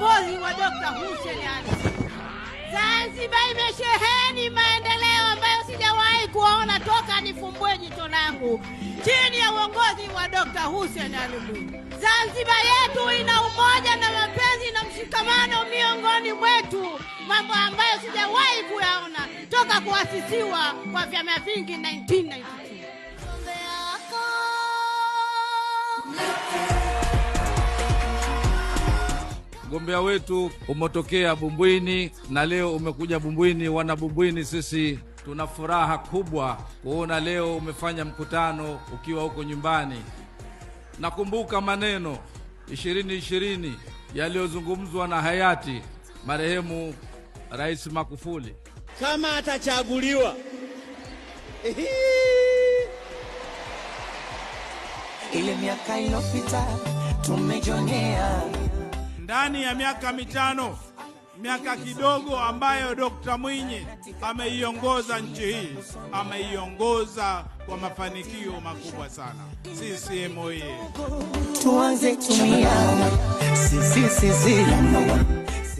ukombozi wa Dr. Hussein Ali. Zanzibar imesheheni maendeleo ambayo sijawahi kuona toka nifumbue jicho langu chini ya uongozi wa Dr. Hussein Ali Mwinyi. Zanzibar yetu ina umoja na mapenzi na mshikamano miongoni mwetu, mambo ambayo sijawahi kuyaona toka kuasisiwa kwa vyama vingi 1990. mgombea wetu umetokea Bumbwini na leo umekuja Bumbwini. Wana Bumbwini, sisi tuna furaha kubwa kuona leo umefanya mkutano ukiwa huko nyumbani. Nakumbuka maneno ishirini ishirini yaliyozungumzwa na hayati marehemu Rais Magufuli kama atachaguliwa ile miaka iliyopita tumejongea ndani ya miaka mitano, miaka kidogo ambayo Dokta Mwinyi ameiongoza nchi hii, ameiongoza kwa mafanikio makubwa sana. CCM oyee! Tuanze tumiana sisi sisi.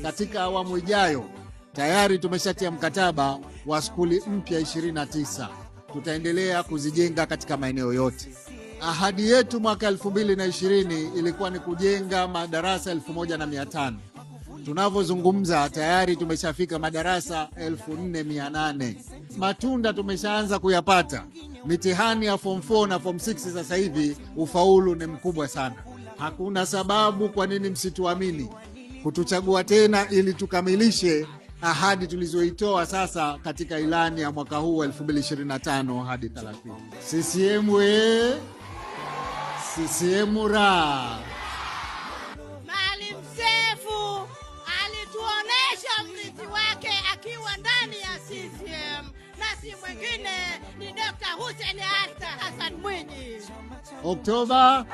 Katika awamu ijayo tayari tumeshatia mkataba wa skuli mpya 29 tutaendelea kuzijenga katika maeneo yote. Ahadi yetu mwaka 2020 ilikuwa ni kujenga madarasa 1500. Tunavyozungumza tayari tumeshafika madarasa elfu Matunda tumeshaanza kuyapata. Mitihani ya form 4 na form 6 sasa hivi ufaulu ni mkubwa sana. Hakuna sababu kwa nini msituamini kutuchagua tena ili tukamilishe ahadi tulizoitoa sasa katika ilani ya mwaka huu 2025 hadi 30. CCM we CCM raha. Maalim Seif alituonesha mrithi wake akiwa ndani ya CCM na si mwingine ni Dr. Hussein Hassan Mwinyi. Oktoba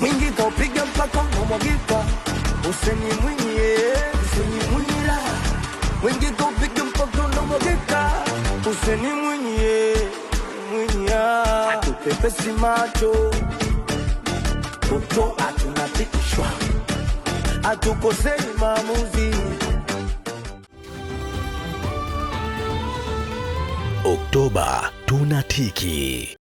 Mwingi kaupiga mpaka unamwagika, Hussein Mwinyi, Hussein Mwinyi Mwingi kaupiga mpaka unamwagika, Hussein Mwinyi pepesi macho, kuto hatunatikishwa, hatukosei maamuzi. Oktoba tunatiki.